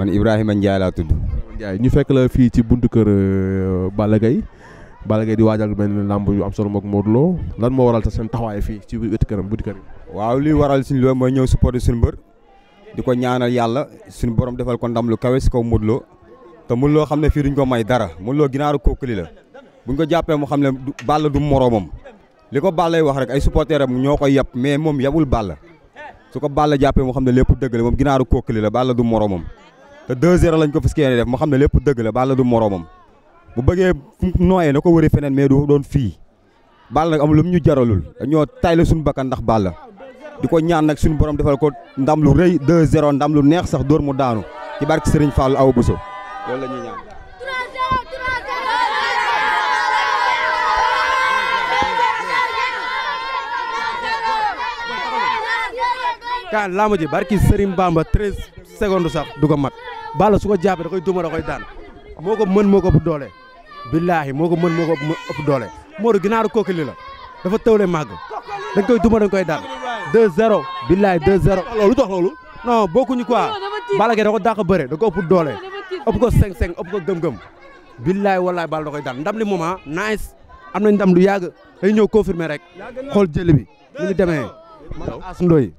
man Ibrahima Ndiaye laa tudd. Ndiaye ñu fekk la fii ci buntu kër euh, Balla Gaye Balla Gaye di waajal benn làmb yu am solo moog Modou Lo lan moo waral seen taxawaay fii ci wetu këram buntu këram. waaw li waral suñu loolu mooy ñëw supporté suñu mbër di ko ñaanal yàlla suñu borom defal ko ndam lu kawe si kaw Modou Lo te Modou Lo xam ne fii duñ ko may dara Modou loo ginaaru kookali la buñ ko jàppee mu xam ne Balla du moroomam li ko Balla wax rek ay supporteurs am ñoo koy yab mais moom yabul Balla su ko Balla jàppee mu xam ne lépp dëgg la ginaaru kookali la Balla du moroomam te 2-0 lañ ko fas yéene def ma xam ne lépp dëgg la Balla du moroomam bu bëggee nooyee na ko wëri feneen mais du doon fii Balla nag amul lu ñu jaralul dañoo tayle suñu bakkan ndax Balla di ko ñaan nag suñu borom defal ko ndam lu rëy 2-0 ndam lu neex sax dóor mu daanu ci barke Serigne Fallou Awa Bousso loolu la ñuy ñaan. kaan laa ma ji barki Serigne Bamba 13 secondes sax du ko mat. Balla su ko jàppee da koy daan moo ko mën moo ko ëpp doole billaahi moo ko mën moo ko ëpp doole Modou ginaaru kookili la dafa tëwle màgg dañ koy duma dañ koy daan 2-0 billaahi 2-0 loolu tax loolu non bokkuñu quoi Balla Gaye da ko dàq bëre da ko ëpp doole ëpp ko 5-5 ëpp ko gëm-gëm billaahi wallaahi Balla da koy daan ndam li moment ah, nice am nañ ndam lu yàgg dañu ñëw confirmer rek xool jëli bi ni ñu demee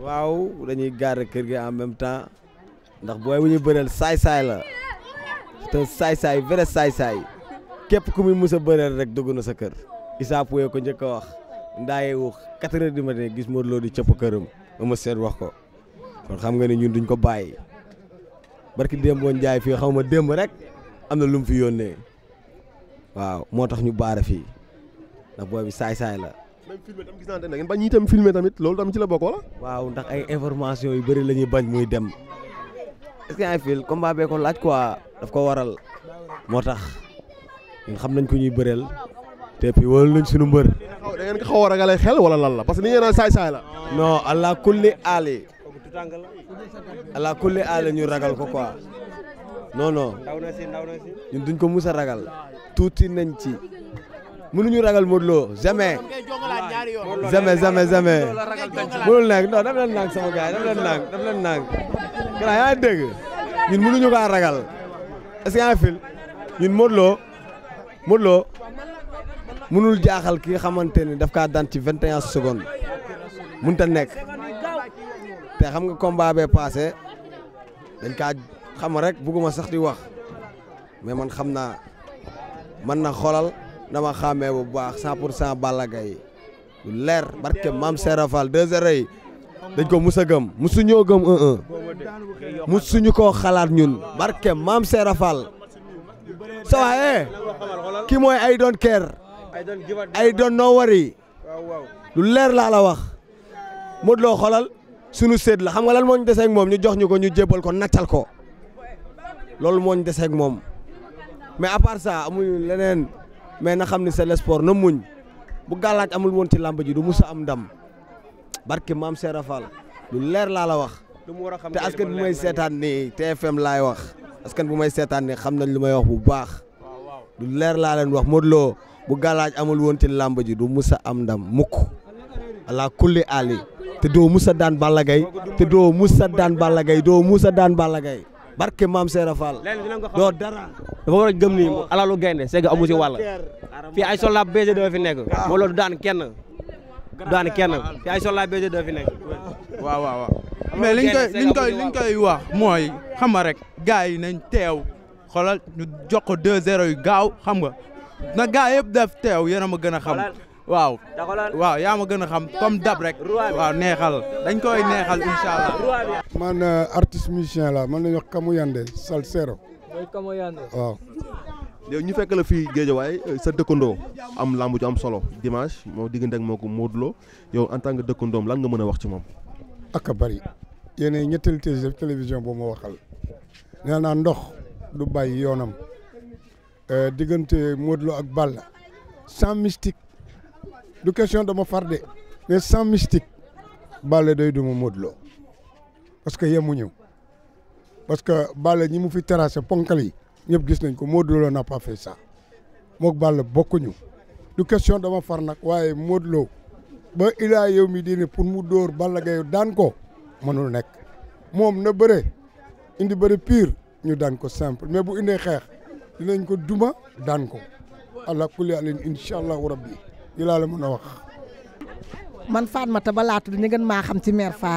waaw dañuy garder kër gi en même temps ndax booy bu ñuy bëreel saay-saay la te saay-saay vrai saay-saay képp ku muy mus a bëreel rek dugg na sa kër Issa Pouye ko njëkk a wax ndaaye wu 4 heures du matin gis Modou Lo di cëpp këram ama seet wax ko kon xam nga ne ñun duñ ko bàyyi barki démboo Njaay fii xaw ma démb rek am na lu mu fi yónnee waaw moo tax ñu baara fii ndax booy bi saay-saay la même filmé tam gis naa ne ngeen bañ ñi tam filmé tamit loolu tam ci la bokk wala. waaw ndax ay information yu bëri la ñuy bañ muy dem est ay fil combat bee ko laaj quoi daf ko waral moo tax ñun xam nañ ko ñuy bëreel te puis suñu mbër. da ngeen ko xel wala lan la parce que ni ngeen saay-saay la. non allah kulli aali. allah ñu ragal ko quoi. non non ñun duñ ko musa a ragal tuuti nañ ci mënuñu ragal Modou Lo jamais jamais jamais jamais mënul nekk non daf leen nang sama gars yi daf leen nang daf leen nang gannaaw yaa dégg ñun mënuñu kaa ragal est-ce que yaa fil ñun Modou Lo Modou Lo mënul jaaxal ki nga xamante ni daf kaa daan ci 21 secondes mënut a nekk te xam nga combat bee passé dañ kaa xam rek bugguma sax di wax mais man xam naa man na xoolal dama xàmmee bu baax 100 pour cent Balla Gaye lu leer barke maam Serafal 2h yi dañ ko mus a gëm musu ñoo koo xalaat ñun barke maam Serafal sa waaye eh, ki mooy I don't care I don't know worry lu leer laa la wax Modou Lo xoolal sunu séet la xam nga lan moo ñu deseeg moom ñu jox ñu ko ñu jébbal ko naccal ko loolu moo ñu deseeg moom mais à part amuñu leneen. mais na xam ni c'est le sport na muñ bu gàllaaj amul woon ci làmb ji du musa am ndam barke maam Seera Fall lu leer laa la wax. lu mu war a xam te askan bu may seetaan nii TFM laay wax askan bu may seetaan ni xam nañ lu may wax bu baax lu leer laa leen wax Modou Lo bu gàllaaj amul woon ci làmb ji du mus a am ndam mukk ala kulli ali te doo mus daan Balla Gaye te doo mus daan Balla Gaye doo mus daan Balla barke maam Seera Fall doo dara dafa war a gëm ni alalu gaynde segg amu si wàll ay soldat BG doo fi nekk moo ah. loolu daan kenn daan kenn fii ay soldat BG doo fi nekk ah. waaw waaw waaw mais liñ koy liñ koy mooy xam rek gars yi nañ teew xoolal ñu jox ko yu gaaw xam nga na gars yëpp def teew yéen a ma gën a xam waaw. waaw yaa ma gën a xam comme dab rek. waaw neexal dañ koy neexal incha allah. man euh, artiste musicien la man la ñu wax Kamuyande Salsero. mooy Kamuyande waaw. ñu fekk la fii Géejawaay euh, sa dëkkandoo am lamb ju am solo dimanche moo diggante ak moo ko Modou yow en tant que dëkkandoom lan nga mën a wax ci moom. ak bari bëri yéen ñetteelu télévision boo ma waxal nee naa ndox du bàyyi yoonam euh, diggante Modou ak Balla sans mystique du question dama mais sans mystique Balla doy parce que yemuñu parce que je ñi mu fi gis nañ ko n'a pas fait ça mook balle bokkuñu du question dama far nak waye modlo ba ila yow mi ne pour mu Si Balla je ne ko pas nek mom na indi pire ñu dan ko simple mais bu xex dinañ ko duma dan ko allah kulli alin inshallah di la la mëna wax. man Fatmata Ba laa tudd ñu balah. maa xam ci mère fa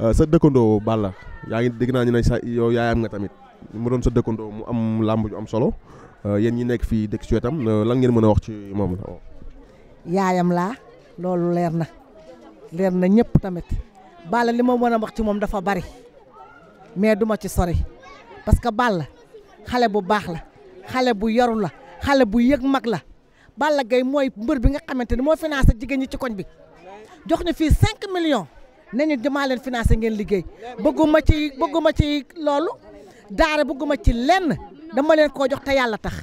euh, sa dekkondo Balla ya ngi dégg naa ne sa yow yaayam nga tamit mu doon sa dekkondo mu am lamu ju am solo euh, yeen ñi nekk fi dekk ci wetam euh, lan ngeen mëna wax ci mom la. yaayam la lolu leer na leer na ñepp tamit Balla li mo mëna wax ci mom dafa bari mais duma ci sori parce que Balla xalé bu bax la xalé bu la xalé bu mak la. Balla Gaye mooy mbër bi nga xamante ne moo financé jigéen ñi ci koñ bi jox ñu fii cinq million ne ñu damaa leen financé ngeen liggéey bëgguma ci bëgguma ci loolu daara bëgguma ci lenn dama leen koo jox te yàlla tax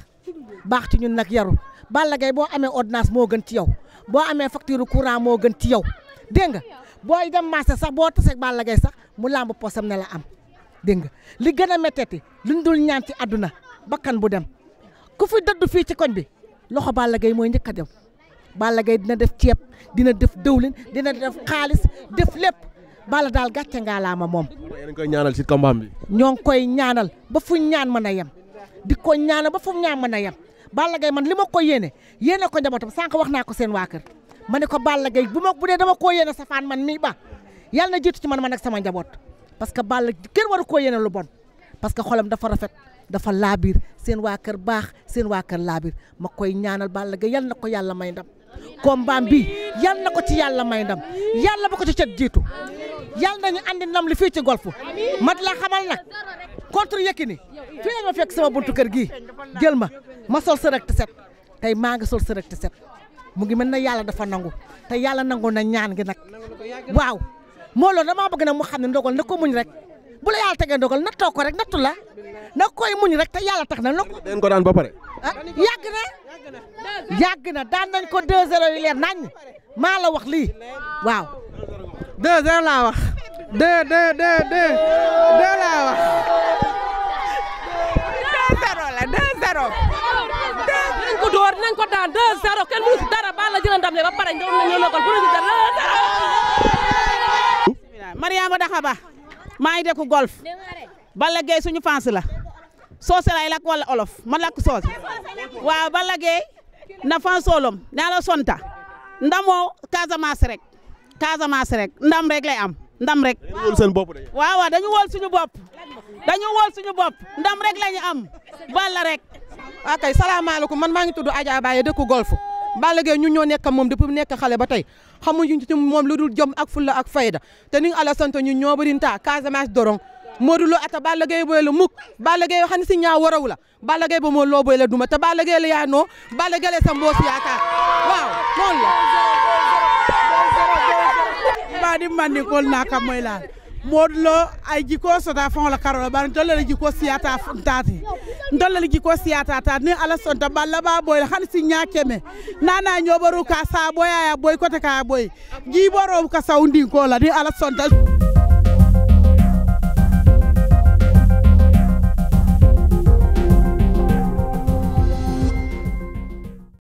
baax ci ñun nag yaru Balla Gaye boo amee ordonnance moo gën ci yow boo amee facture courant moo gën ci yow dégg nga booy dem marché sax boo tasee Balla Gaye sax mu làmb posam ne la am dégg nga li gën a méttati luñ dul ñaan ci àdduna bakkan bu dem ku ci koñ bi loxo Balla Gaye mooy njëkk a dem Balla gay dina def ceeb dina def dëwlin dina def xaalis def lépp Balla daal gàcce ngaa laa ma moom. yéen koy ñaanal ci combat ñoo ngi koy ñaanal ba fu ñaan mën a yem di ko ñaanal ba fu ñaan mën a yem Balla Gaye man li ma ko yéene yéene ko njabootam sànq wax naa ko seen waa kër ma ne ko Balla Gaye bu ma bu dee dama koo yéene safaan man mii ba yàlla na jiitu ci man man ak sama njaboot parce que Balla kenn war koo yéene lu bon parce que xolam dafa rafet. dafa laabir seen waa kër baax seen waa kër laabir ma koy ñaanal Balla Gaye yal na ko yàlla may ndam combat bi yal na ko ci yàlla may ndam yàlla ba ko ci cet jiitu yal nañu andi ndam li fii ci golf mat la xamal nag contre Yékini fii la ma fekk sama buntu kër gii jël ma ma sol sërëg te set tey maa ngi sol sërëg te set mu ngi mel na yàlla dafa nangu te yàlla nangu na ñaan gi nag waaw moo loo damaa bëgg nag mu xam ne ndogal na ko muñ ko rek nattu na koy muñ rek te yàlla tax na. den ko daan ba pare. ah yàgg na yàgg na daan nañ ko 2-0 yu leer nañ maa la wax lii waaw. 2-0 laa wax. 2 2 2 2 2 laa wax. 2-0 la 2-0. nañ ko door nañ ko daan 2-0 kenn mënu si dara ba la jëlee ndam le ba pare ñëw nañu la ko bu ñu dara 2-0. Mariama Daxaba maa ngi dëkk golf. Balla Gaye suñu fans la soose lay lakk walla olof ma lakk soose waaw Balla Gaye na fan solom naa la sonta ndamoo Casamance rek Casamance rek ndam rek lay am ndam rek. waaw waaw dañu wol suñu bopp dañu wol suñu bopp ndam rek la ñu am Balla rek. ok ah, salaamaaleykum man maa ngi tudd Adja Baye dëkk Golf Balla Gaye ñun ñoo nekk moom depuis mu nekk xale ba tey xamuñu ci moom lu dul jom ak fulla ak fayda te ni nga sant ñun ñoo bëri taa Casamance dorong. Modou ata Balla Gaye boy la Balla Gaye xam si ñaaw waraw Balla Gaye ba duma te Balla Gaye la yaa noo Balla Gaye la sa mboos yaakaar waaw noonu la mbaadi mandi kol naka moy laal Modou Lo ay jikko sota fonla karola bar dollale jikko siyata tati dollale ni ala sonta balla ba boy han si nyakeme nana nyoboru ka sa boya ya boy kote ka boy jiboro ka sawndi la ni ala sonta